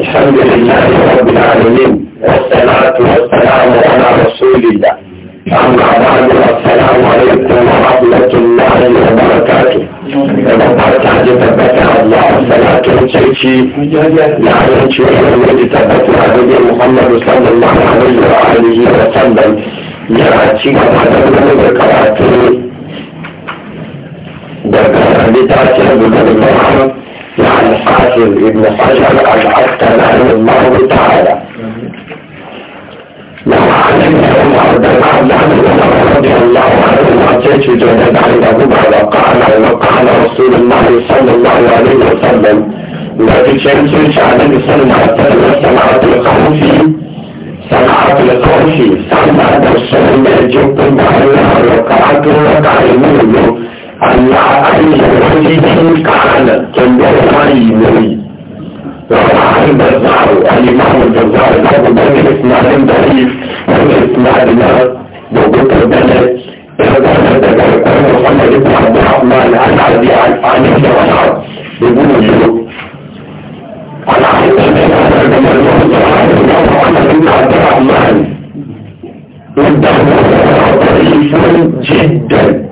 الحمد لله رب العالمين والصلاة والسلام على رسول الله أما بعد السلام عليكم ورحمة الله وبركاته وبركاته تبتع الله الصلاة والسيكي لعلم شوية الذي تبتع عبد محمد صلى الله عليه وآله وسلم يراتي وقدمنا بكراتي بكراتي بكراتي بكراتي يعني حافظ ابن حجر العسقلاني الله تعالى لما علمتم عبد الله رضي الله عنه حجيت جنب ابو بكر قال وقال رسول الله صلى الله عليه وسلم لا تشمس على صنعة صنعة الخوف صنعة الخوف صنعة الصوم يجب عليها ركعة ركعة منه Allah ainihin cikin kanan tambayar hari mai رحمه البزار الإمام البزار الإمام البزار إسماعيل ضعيف إسماعيل موجود البلد محمد بن عبد الرحمن عن عبد عن ابن عمر يقول له عن عبد بن عبد الرحمن وده ضعيف جدا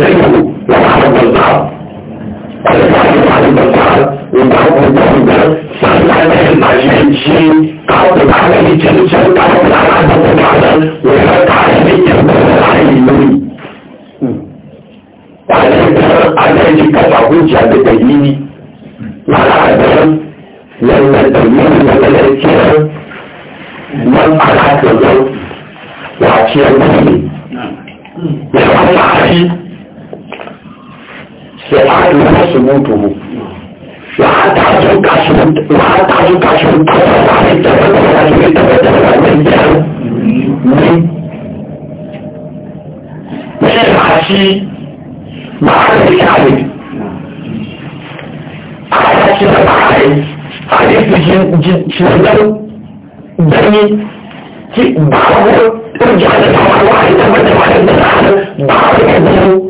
Thank you. ki babu irgiyar da kawai wa'in da wani wa'in da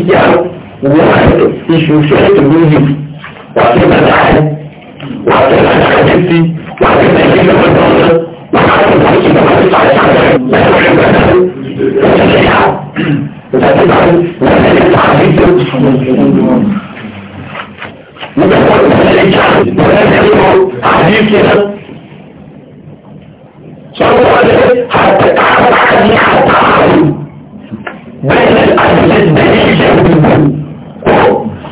Thank واحد مش مشكلة الوجود وهتبقى العالم وهتبقى حاجتي وهتبقى كده بالنظر وهتبقى كده حتى تعرف حتى تعرف بين الأجل الدليل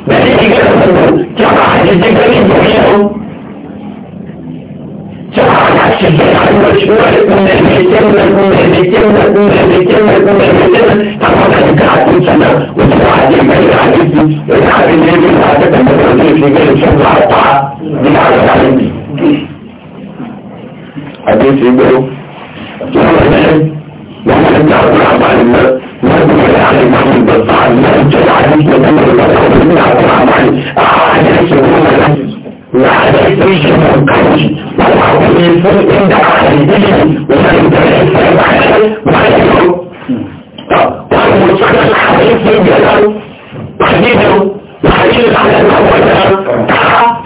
bẹ̀rẹ̀ ìgbà ìṣòro jọba àdìsí gbẹ́lẹ̀ ìgbẹ́yàwó jọba àdìsí gbẹ́yàwó ìṣòro ìpínlẹ̀ ìṣẹ́gbẹ́ ìpínlẹ̀ ìṣẹ́gbẹ́ ìpínlẹ̀ ìṣẹ́gbẹ́ ìpínlẹ̀ ìṣẹ́gbẹ́ àwọn àdìgá àtúntàná òtún àdìgbẹ́ ìrànlẹ́sí ìrìn àdìgbẹ́ ìrànlẹ́sí ìgbẹ́ ìṣẹ́gbẹ́ ìṣẹ́gbẹ́ نبي يعني محمد بالطعن نأجل عليك من الرسول من عبد الرحمن أحاديث من وحديث من قوي والحديث عند حديث وعند الحديث وحديث والمسخر حديث الجلال وحديث وحديث على المولى تعالى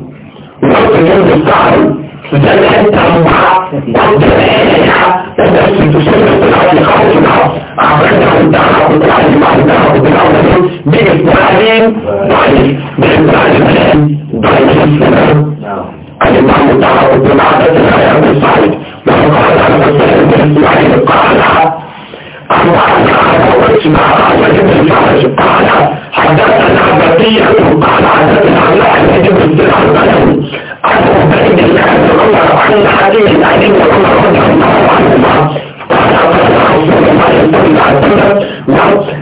وحط جنب الصحراء وده حتة عمقاء وحط الحيحة تبدأ تسلسل بالعالي خالص معه عبرنا عن دعوة وتعالي مع الدعوة وتعالي بيجت معلم ضعيف بيجت معلم الآن ضعيف السلام علم عن الدعوة وتعالي الحيحة بالصحيح نحن قاعد على مصر الناس معي القاعدة حدثنا بقية قال حدثنا علاء بن بن الحنبلي عن عبيد الله بن عمر عن علي بن علي بن عمر رضي الله عنهما قال قال رسول الله صلى الله عليه وسلم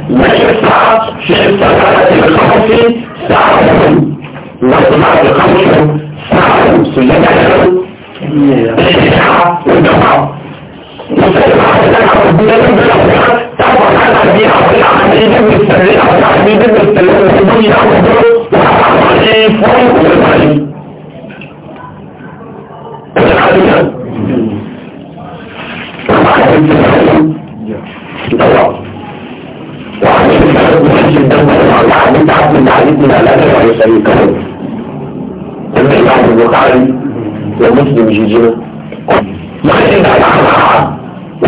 مشى الساعة في صلاة الخوف ساعة وصلاة الخوف ساعة سجدة ساعة ودعاء مسائل العربية العربية تعبر عن العربية العربية عن ايه دم السلام عن ايه دم السلام الدنيا وتعبر عن ايه فوق والمعلي العربية وعن الشباب وحش الدم وعن عبد عبد العزيز بن علاء وعيسى كرم تبع البخاري ومسلم جيجنا ما عندنا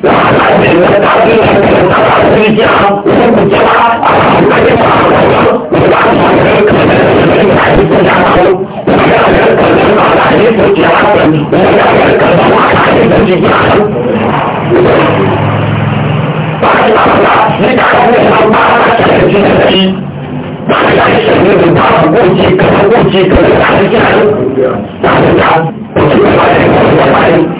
我看见有的大兵来了，大兵来了，我就不叫他。我看见马大胡子，我马上就可得去打一枪。我看见可得马大胡子叫他，我看见可得马大胡子去叫他。马大胡子，马大胡子，他打不过他，他打不过军机。马大胡子，你打不过机，打不过机，可得打他机。打他机，打他机。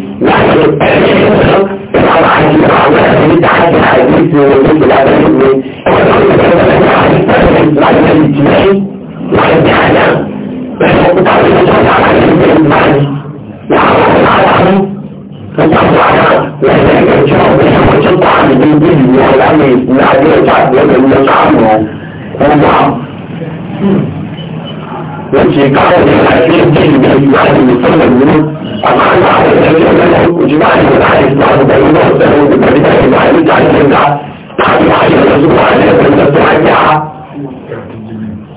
وعشان تحدي الحديث والنبي العالمين العالم الاجتماعي وعند حاجة بحكم تعريف الشرع على الانسان المعنى وعلى العالم فتحصل على وعلى الجواب وجد عن الدين دين وعلى العالم من عديد الشعب ومن يشعر ونعم وفي قائد الحديث من أي واحد يصدر منه أقل على الحديث منه وجماعة الحديث بعض بينه وسهود بمدينة المعلمة عن الجمعة تحدي حي الرسول عليه بن التحديعة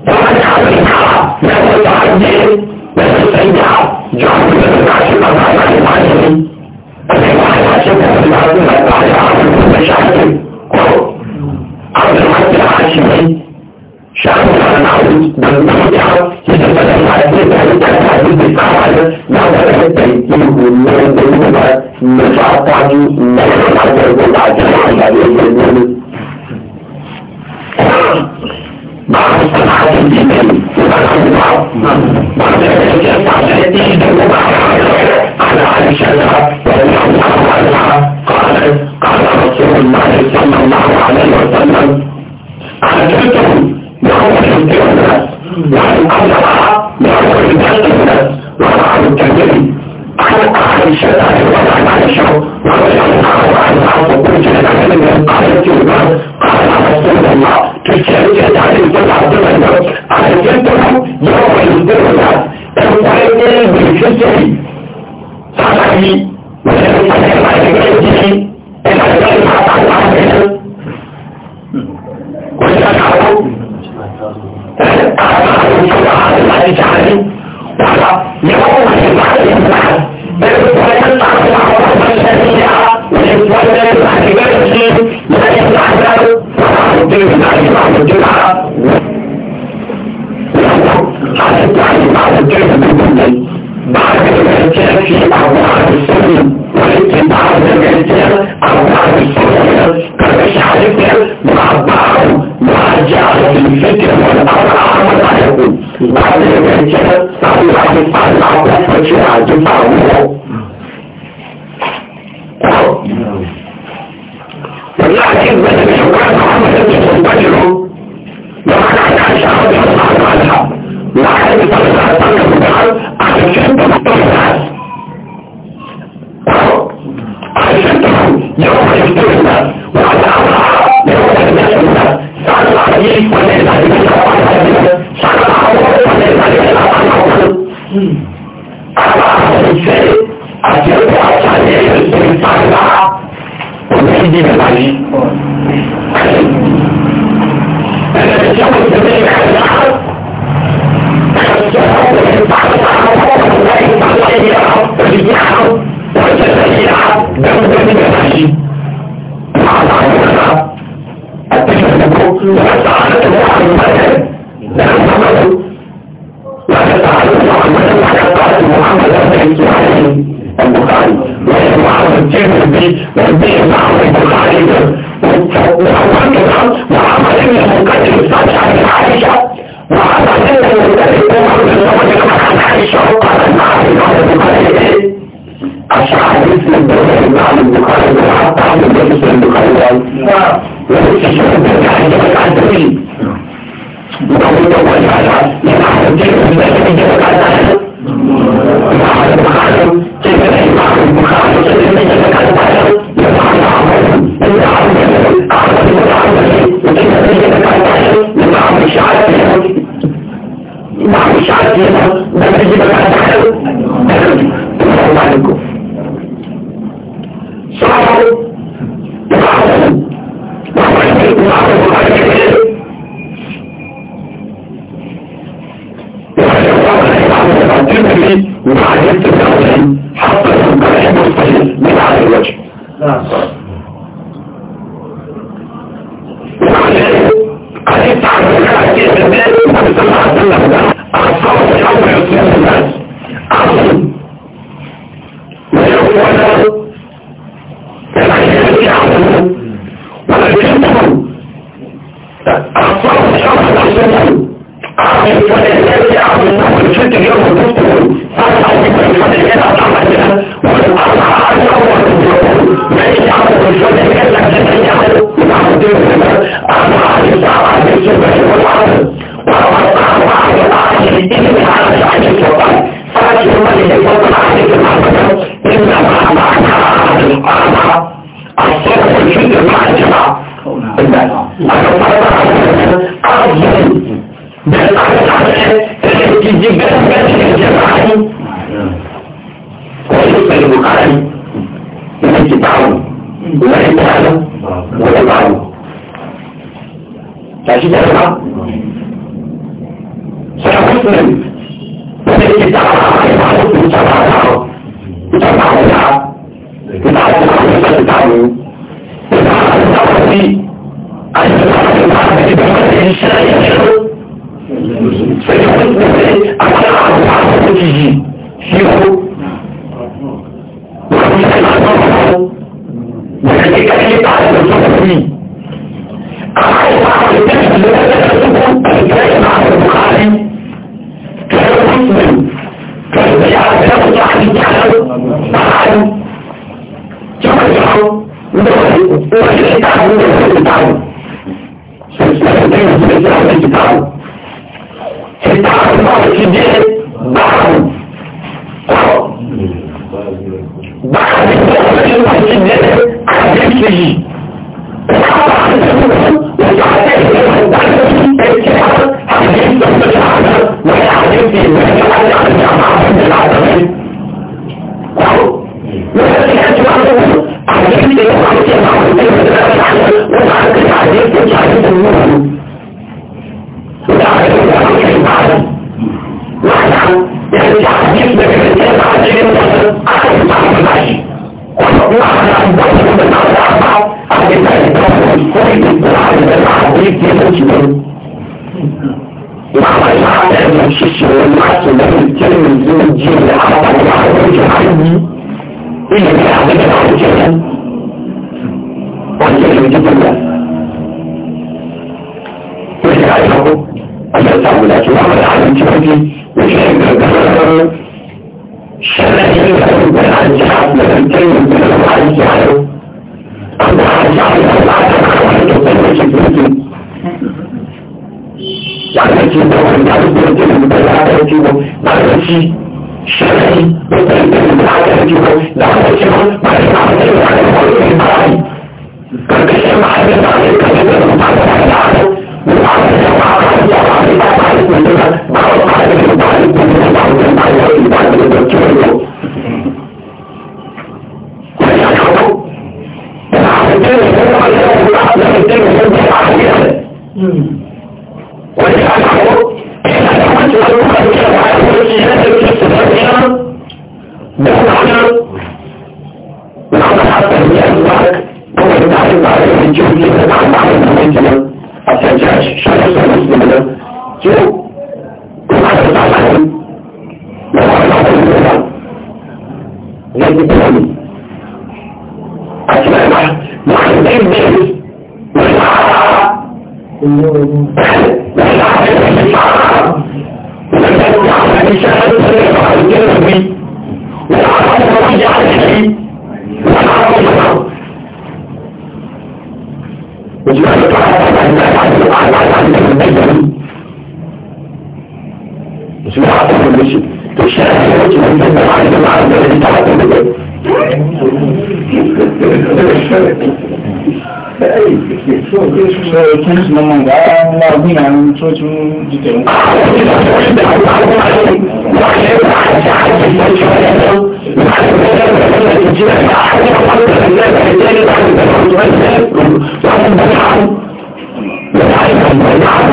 تحدي على الجمعة لأن التحدي بس السيدعة جعل من العشر أربعة عن المعلمين الجماعة العشر من العظيم أربعة عشر من المشاهدين أو الحدي العشرين شخص معروف بالمصلحة يتكلم على ذلك الحديث القاعدة مع ذلك التنكيل والنور بالنور نفع طعمي نفع عدد العدد الحديث النور بعض الصناعات الإيمانية بعض ذلك الصناعات الإيمانية على عائشة لها ورضي الله عنها قالت قال رسول الله صلى الله عليه وسلم ìdájọ́ ìdájọ́ ìdájọ́ àti ọjọ́ ìlú ìpàlá oníṣẹ́jì nípa yìí. Ẹ̀rẹ́ tí a kò tẹ̀lé ìkàlá ẹ̀rọ ìpàlá ọ̀pọ̀lọpọ̀ ìpàlá ìyá òṣìṣẹ́ àwọn ìyá bẹ́ẹ̀ nípa yìí. Àwọn ọ̀ṣẹ̀lẹ̀ àti ìṣẹ̀kọ́ lọ́sà àti wà ní ìpàlẹ̀ lẹ́yìn ìpàlẹ̀ lọ́sà àti wà ní ìpàlẹ̀ lọ́sà àti wà ní ìpàlẹ̀ البخاري ويروى عن الترمذي ويبين معه البخاري وعمل وعمل المنكسر الصالح عن عائشه وعمل المنكسر عن عائشه وقال معه قال البخاري أشعر مثل الدولة بعد البخاري وحتى عن الجلسة البخاري وليس شيء من الحاجة العدوية وقال الله تعالى لما حدثت من الحاجة العدوية da wani abubuwan da ke da lafiyar jiwo ba da shi shirai da ke da lafiyar jiwo da wani jiwo ba da lafiyar jiwo da wani jiwo ba da karkashin ma'aikata da wani kashe da wani ba da lafiyar Thank you. lẹ́yìn tó wọlé. àti bẹ́ẹ̀ bá wà á lè bẹ̀rẹ̀ nípa nípa ẹ̀rọ nípa nípa nípa iṣẹ́ tó ṣe é wà á lè bẹ̀rẹ̀ mi. wọ́n á lọ́wọ́ ìyá rẹ̀. ní à ń tọ́jú jíjẹ wọn. Thank you.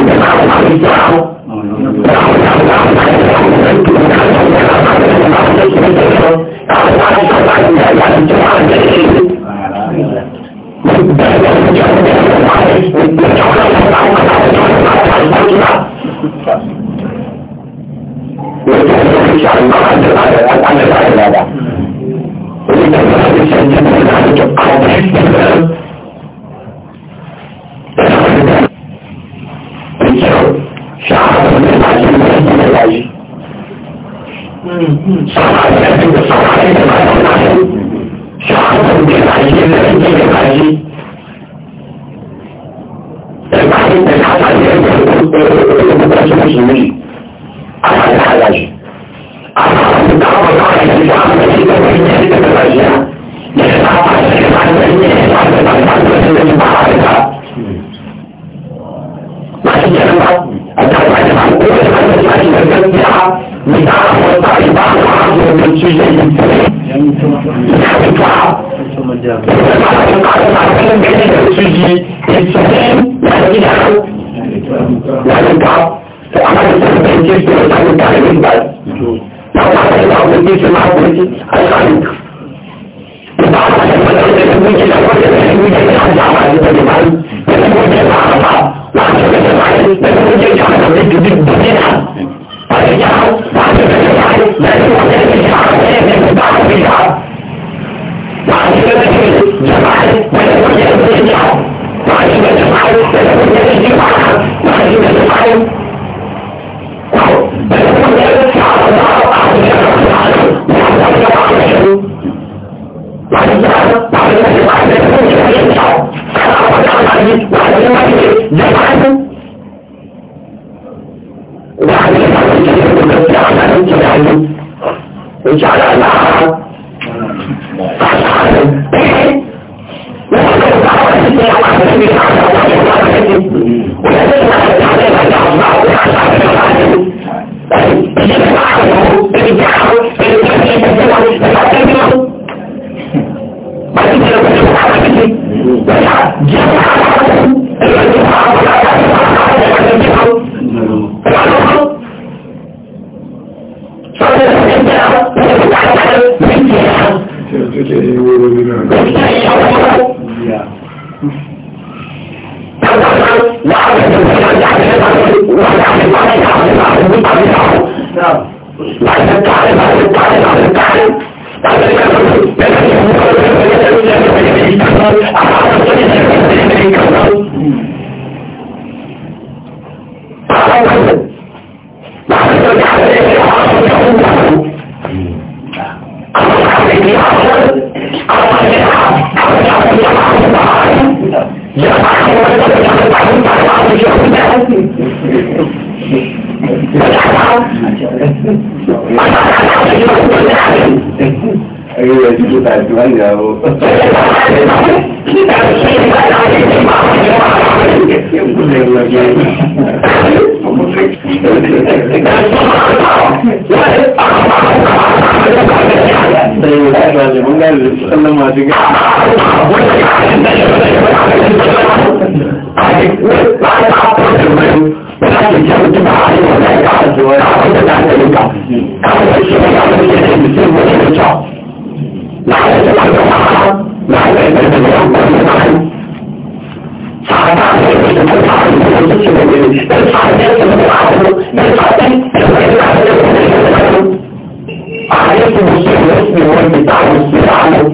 عليكم الشيء الاسم هو المتعلم السلام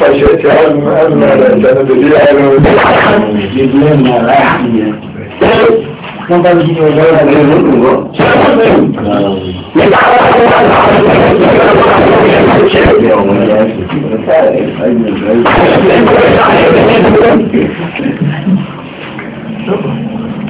فشئت أم أم سندري على Thank you.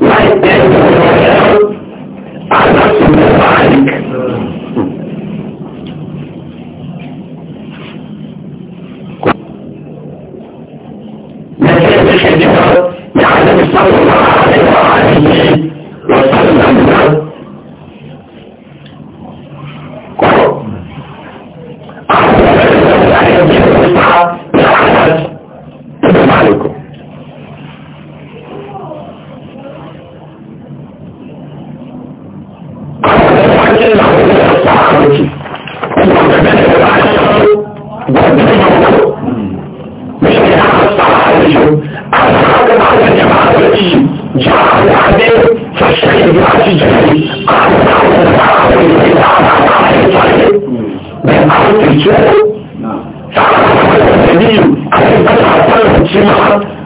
right next to the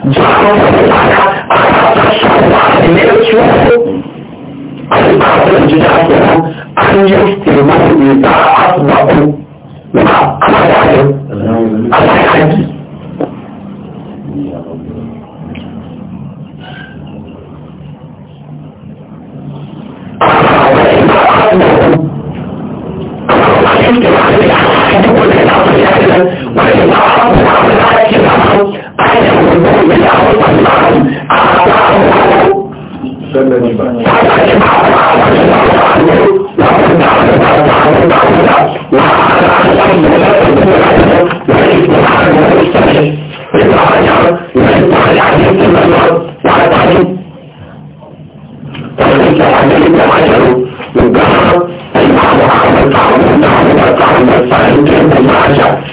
أن يستلموا إذا أطبقوا مع أمرهم الحج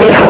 عليها